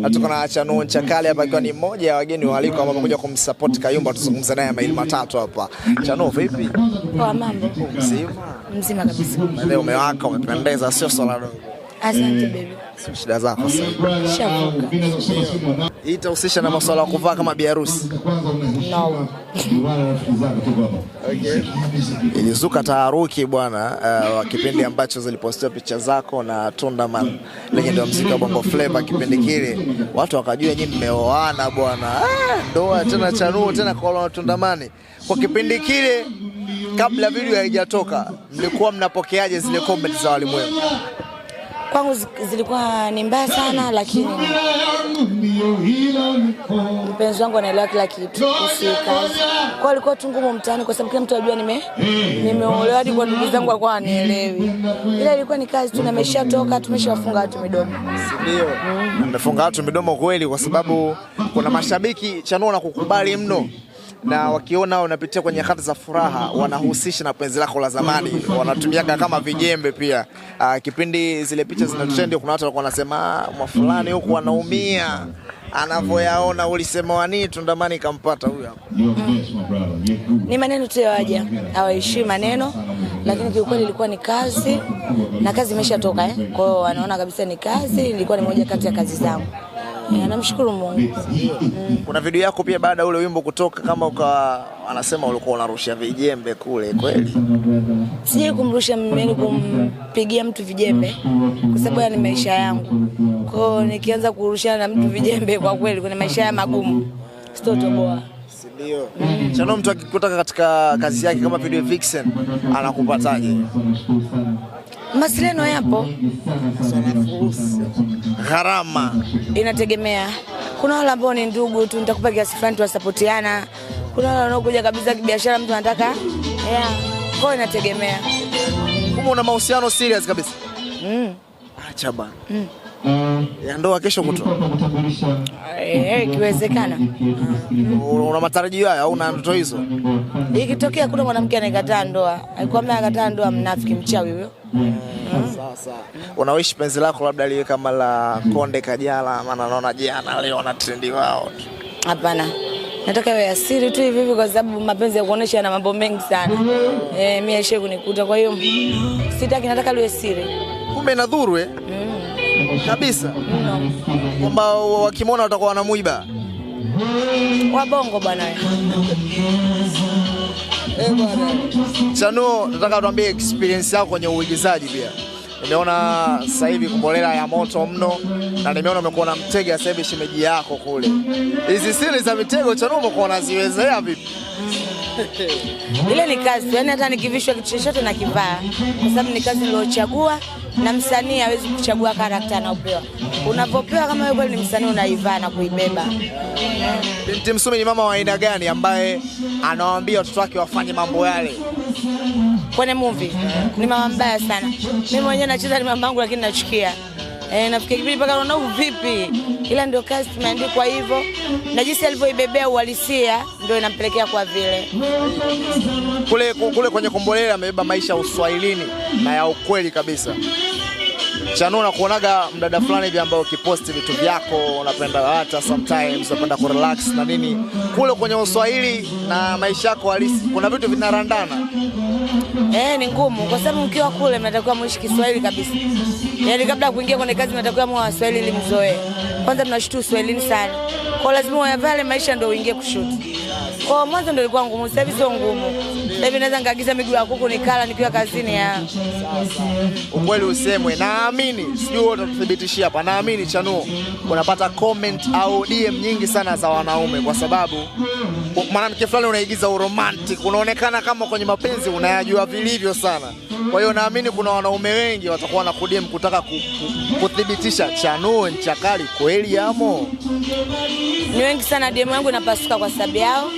Mm. Atukonaacha Noncha Kale hapa akiwa ni mmoja ya wageni waalikwa ambao wamekuja kumsupport Kayumba. Tuzungumze naye maili matatu hapa. Chano, vipi? Poa, mambo. Mzima. Mzima kabisa. Leo umewaka, umependeza, sio swala dogo. Asante mm. baby. shida zako sasa. Hii itahusisha na masuala ya kuvaa kama biharusi. No. Okay. Ilizuka taharuki bwana, uh, kipindi ambacho zilipostiwa picha zako na Tundaman lenye ndio mziki wa Bongo Flava kipindi kile, watu wakajua nyinyi mmeoana bwana, ah, ndoa tena chanuo tena kwa Tundamani. Kwa kipindi kile kabla video haijatoka, mlikuwa mnapokeaje zile comments za walimwengu? kwangu zilikuwa ni mbaya sana, lakini mpenzi wangu anaelewa kila kitu kuhusu kazi alikuwa Ilikuwa tu ngumu mtaani, kwa sababu kila mtu anajua nime nimeolewa, hadi kwa ndugu zangu walikuwa anielewi, ila ilikuwa ni kazi tu, nimeshatoka, tumeshawafunga watu midomo. Ndio mmefunga watu midomo kweli, kwa sababu kuna mashabiki Chanuo na kukubali mno na wakiona unapitia kwenye hati za furaha wanahusisha na penzi lako la zamani, wanatumiaga kama vijembe pia. Uh, kipindi zile picha zina trend, kuna watu walikuwa wanasema ah, fulani huku anaumia anavyoyaona ulisema nini? Tundamani kampata huyo hapo. Ni maneno tu ya waja, hawaishii maneno, lakini kiukweli ilikuwa ni kazi na kazi imeshatoka eh. Kwa hiyo wanaona kabisa ni kazi, ilikuwa ni moja kati ya kazi zangu. Eh, namshukuru Mungu. Kuna video yako pia baada ule wimbo kutoka, kama uka anasema ulikuwa unarusha vijembe kule, kweli? Sijai kumrusha mimi, kumpigia mtu vijembe kwa sababu ni maisha yangu. Kwa hiyo nikianza kurushana na mtu vijembe, kwa kweli kwenye maisha ya magumu sitotoboa. Ndio. Chano mtu akikutaka katika kazi yake kama video vixen anakupataje? masileno yapo, gharama inategemea. Kuna wale ambao ni ndugu tu, nitakupa kiasi fulani, tuwasapotiana. Kuna wale wanaokuja kabisa kibiashara, mtu anataka yeah, Kwa inategemea. Kama una mahusiano serious kabisa, mm. acha bana mm. ya ndoa kesho kutwa eh, eh, ikiwezekana. Una matarajio haya au una ndoto hizo? Ikitokea kuna mwanamke anakataa ndoa, akikwambia anakataa ndoa, mnafiki mchawi huyo. Sasa unawishi penzi lako labda liwe kama la Konde Kajala, maana naona jana leo na trendi wao tu. Hapana, nataka iwe asiri tu hivi hivi, kwa sababu mapenzi ya kuonesha yana mambo mengi sana. Eh, mimi aishe kunikuta, kwa hiyo sitaki, nataka liwe siri. Kumbe nadhuru eh? Mm. Kabisa. Kwamba no. wakimwona watakuwa wanamuiba. Wabongo bwana. Hey, eh, Chanuo, nataka tuambie experience yako kwenye uigizaji pia nimeona sasa hivi Kombolela ya moto mno, na nimeona umekuwa na mtega sasa hivi shimeji yako kule. Hizi siri za mitego Chanu umekuwa unaziwezea vipi? Ile ni kazi yani hata nikivishwa kitu chochote na kivaa, kwa sababu ni kazi niliochagua, na msanii hawezi kuchagua karakta anaopewa. Unapopewa kama wewe kweli ni msanii, unaivaa na kuibeba. Binti Msumi ni mama wa aina gani ambaye anawaambia watoto wake wafanye mambo yale? kwenye movie ni mama mbaya sana. Mimi mwenyewe nacheza ni mama yangu, lakini nachukia Eh, nafikia kipindi paka naona vipi, ila ndio cast imeandikwa hivyo, na jinsi alivyoibebea uhalisia ndio inampelekea kwa vile. Kule kule kwenye Kombolela amebeba maisha ya uswahilini na ya ukweli kabisa. na kuonaga mdada fulani hivi ambaye ukiposti vitu vyako unapenda hata sometimes unapenda ku relax na nini, kule kwenye uswahili na maisha yako halisi kuna vitu vinarandana. Eh, ni ngumu kwa sababu mkiwa kule mnatakiwa muishi Kiswahili kabisa. Yaani kabla ya kuingia kwenye kazi mnatakiwa mwa Waswahili ili mzoee. Kwanza mnashutu Swahilini sana. Kwa lazima uyavale maisha ndio uingie kushuti. Kwa mwanzo ndio ilikuwa ngumu, sasa hivi sio ngumu na hivi naweza nikaagiza miguu ya kuku nikala nikiwa kazini ya. ukweli usemwe, naamini sijui wewe utathibitishia hapa, naamini Chanuo unapata comment au DM nyingi sana za wanaume, kwa sababu mwanamke fulani unaigiza uromantic, unaonekana kama kwenye mapenzi unayajua vilivyo sana. Kwa hiyo naamini kuna wanaume wengi watakuwa na kudem kutaka kuthibitisha Chanuo nchakali kweli yamo. Ni wengi sana, DM yangu inapasuka kwa sababu yao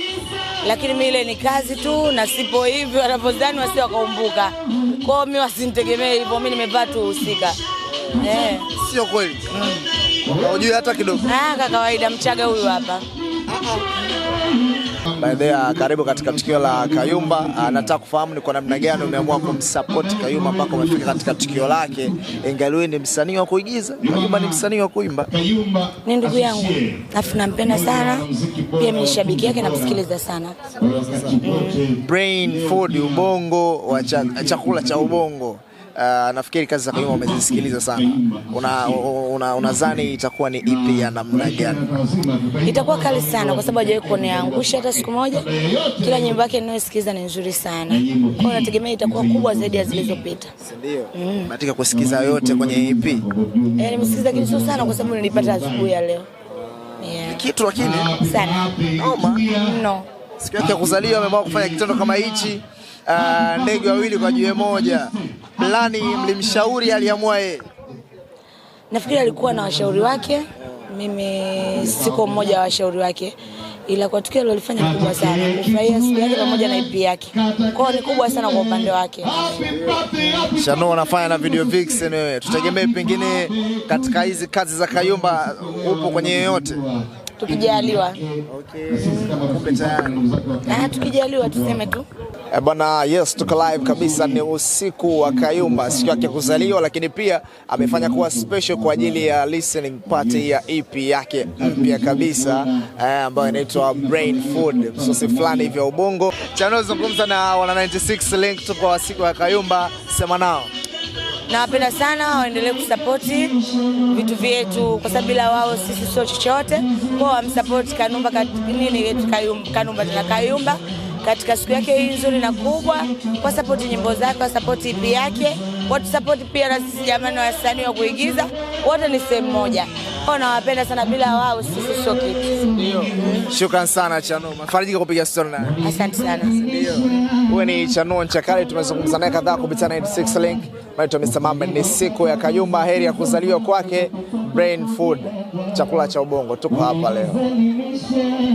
lakini mi ile ni kazi tu, na sipo hivyo wanapozani wasi wakaumbuka. Kwa mi mimi wasinitegemee hivyo, mi nimevaa tu husika. Eh, sio kweli mm. Unajua hata kidogo. Ah, kakawaida Mchaga huyu hapa. Ah, ah. Baidha, karibu katika tukio la Kayumba. Ah, nataka kufahamu ni kwa namna gani umeamua kumsupport Kayumba ambako umefika katika tukio lake, ingawa ni msanii wa kuigiza, Kayumba ni msanii wa kuimba. Ni ndugu yangu, alafu nampenda sana pia, ni shabiki yake, namsikiliza sana. Brain food, ubongo wa chakula cha ubongo Uh, nafikiri kazi za Kayumba umezisikiliza sana, unadhani una, una itakuwa ni ipi ya namna gani? Itakuwa kali sana, kwa sababu hajawahi kuniangusha hata siku moja. Kila nyimbo yake ninayosikiliza ni nzuri sana, kwa hiyo nategemea itakuwa kubwa zaidi ya zilizopita. Ndio mm. Matika kusikiliza yote kwenye EP eh, nimesikiliza kitu sana, kwa sababu nilipata asubuhi ya leo yeah. Kitu lakini sana noma no, siku yake ya kuzaliwa ameamua kufanya kitendo kama hichi uh, ndege wawili kwa jiwe moja. Plani mlimshauri, aliamua yeye? Nafikiri alikuwa na washauri wake, mimi siko mmoja wa washauri wake, ila kwa tukio lolifanya kubwa sana, kufurahia siku yake pamoja na ipi yake kwao ni kubwa sana kwa upande wake. Shano anafanya na Video Vixen, wewe tutegemee pengine katika hizi kazi za Kayumba upo kwenye yoyote tukijaliwa? Okay. Mm. tukijaliwa tuseme tu. E bwana, yes tuko live kabisa. Ni usiku wa Kayumba, siku yake kuzaliwa, lakini pia amefanya kuwa special kwa ajili ya listening party ya EP yake mpya kabisa eh, ambayo inaitwa Brain Food, msosi fulani hivi ya ubongo. Chanozungumza na wana 96 link, tuko wa siku ya Kayumba, sema nao nawapenda sana, waendelee kusapoti vitu vyetu, kwa sababu bila wao sisi sio chochote. Kwao wamsapoti Kanumba kat, nini Kayumba, Kanumba tena Kayumba katika siku yake hii nzuri na kubwa, kwa sapoti nyimbo zake, kwa sapoti ipi yake, watu sapoti pia na sisi jamani, wa wasanii wa kuigiza wote ni sehemu moja nawapenda sana, bila wao sisi sio kitu. Ndio, mm-hmm. sana Chanuo, mafarijika kupiga stori na asante sana. Ndio, huyu ni Chanuo Nchakali, tumezungumza naye kadhaa kupitia 96 Link. Mama ni siku ya Kayumba, heri ya kuzaliwa kwake. Brain food, chakula cha ubongo, tuko hapa leo.